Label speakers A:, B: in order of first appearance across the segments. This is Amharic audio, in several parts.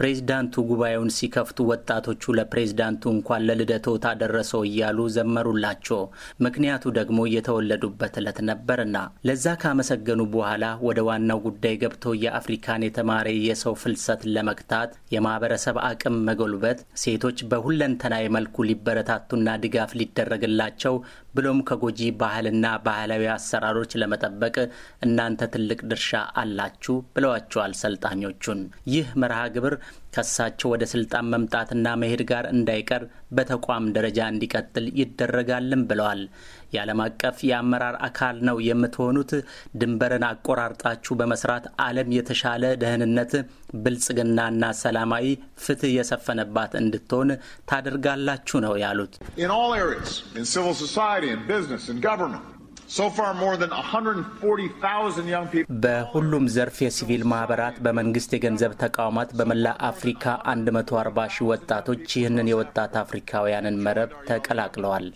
A: ፕሬዚዳንቱ ጉባኤውን ሲከፍቱ ወጣቶቹ ለፕሬዚዳንቱ እንኳን ለልደቶታ ደረሰው እያሉ ዘመሩላቸው። ምክንያቱ ደግሞ የተወለዱበት ዕለት ነበርና። ለዛ ካመሰገኑ በኋላ ወደ ዋናው ጉዳይ ገብቶ የአፍሪካን የተማረ የሰው ፍልሰት ለመግታት የማህበረሰብ አቅም መጎልበት፣ ሴቶች በሁለንተናዊ መልኩ ሊበረታቱና ድጋፍ ሊደረግላቸው ብሎም ከጎጂ ባህልና ባህላዊ አሰራሮች ለመጠበቅ እናንተ ትልቅ ድርሻ አላችሁ ብለዋቸዋል ሰልጣኞቹን። ይህ መርሃ ግብር ከሳቸው ወደ ስልጣን መምጣትና መሄድ ጋር እንዳይቀር በተቋም ደረጃ እንዲቀጥል ይደረጋልም ብለዋል። የዓለም አቀፍ የአመራር አካል ነው የምትሆኑት። ድንበርን አቆራርጣችሁ በመስራት ዓለም የተሻለ ደህንነት፣ ብልጽግናና ሰላማዊ ፍትህ የሰፈነባት እንድትሆን ታደርጋላችሁ ነው ያሉት። በሁሉም ዘርፍ የሲቪል ማህበራት፣ በመንግስት የገንዘብ ተቋማት፣ በመላ አፍሪካ 140 ሺህ ወጣቶች ይህንን የወጣት አፍሪካውያንን መረብ ተቀላቅለዋል።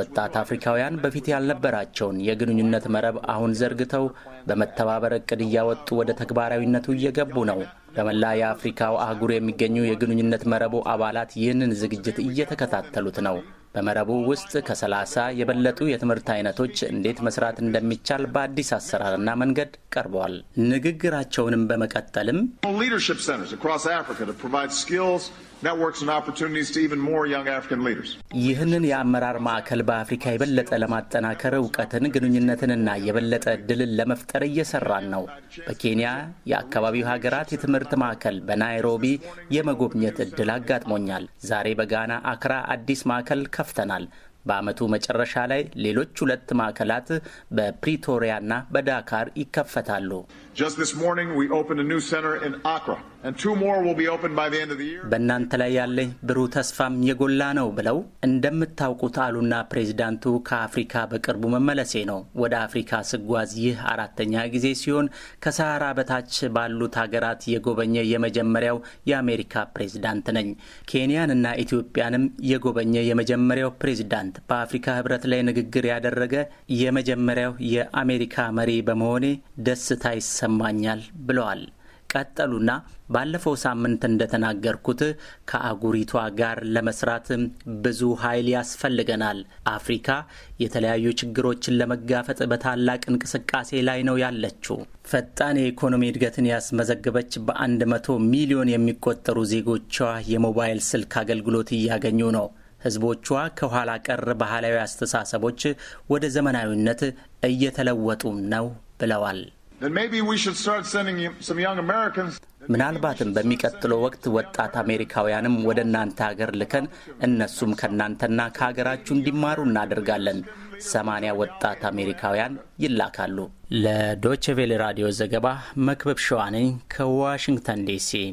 A: ወጣት አፍሪካውያን በፊት ያልነበራቸውን የግንኙነት መረብ አሁን ዘርግተው በመተባበር እቅድ እያወጡ ወደ ተግባራዊነቱ እየገቡ ነው። በመላ የአፍሪካው አህጉር የሚገኙ የግንኙነት መረቡ አባላት ይህንን ዝግጅት እየተከታተሉት ነው። በመረቡ ውስጥ ከሰላሳ የበለጡ የትምህርት አይነቶች እንዴት መስራት እንደሚቻል በአዲስ አሰራርና መንገድ ቀርበዋል። ንግግራቸውንም በመቀጠልም ይህንን የአመራር ማዕከል በአፍሪካ የበለጠ ለማጠናከር እውቀትን፣ ግንኙነትንና የበለጠ እድልን ለመፍጠር እየሰራን ነው። በኬንያ የአካባቢው ሀገራት የትምህርት ማዕከል በናይሮቢ የመጎብኘት እድል አጋጥሞኛል። ዛሬ በጋና አክራ አዲስ ማዕከል ከፍተናል። በዓመቱ መጨረሻ ላይ ሌሎች ሁለት ማዕከላት በፕሪቶሪያና በዳካር ይከፈታሉ። በእናንተ ላይ ያለኝ ብሩህ ተስፋም የጎላ ነው ብለው እንደምታውቁት አሉና ፕሬዚዳንቱ ከአፍሪካ በቅርቡ መመለሴ ነው። ወደ አፍሪካ ስጓዝ ይህ አራተኛ ጊዜ ሲሆን ከሰሃራ በታች ባሉት ሀገራት የጎበኘ የመጀመሪያው የአሜሪካ ፕሬዚዳንት ነኝ። ኬንያንና ኢትዮጵያንም የጎበኘ የመጀመሪያው ፕሬዚዳንት፣ በአፍሪካ ህብረት ላይ ንግግር ያደረገ የመጀመሪያው የአሜሪካ መሪ በመሆኔ ደስታ ይሰማኛል ብለዋል። ቀጠሉና ባለፈው ሳምንት እንደተናገርኩት ከአጉሪቷ ጋር ለመስራት ብዙ ኃይል ያስፈልገናል። አፍሪካ የተለያዩ ችግሮችን ለመጋፈጥ በታላቅ እንቅስቃሴ ላይ ነው ያለችው። ፈጣን የኢኮኖሚ እድገትን ያስመዘገበች በ100 ሚሊዮን የሚቆጠሩ ዜጎቿ የሞባይል ስልክ አገልግሎት እያገኙ ነው። ህዝቦቿ ከኋላ ቀር ባህላዊ አስተሳሰቦች ወደ ዘመናዊነት እየተለወጡ ነው ብለዋል።
B: ምናልባትም በሚቀጥለው ወቅት
A: ወጣት አሜሪካውያንም ወደ እናንተ ሀገር ልከን እነሱም ከእናንተና ከሀገራችሁ እንዲማሩ እናደርጋለን። ሰማንያ ወጣት አሜሪካውያን ይላካሉ። ለዶችቬሌ ራዲዮ ዘገባ መክበብ ሸዋነኝ ከዋሽንግተን ዲሲ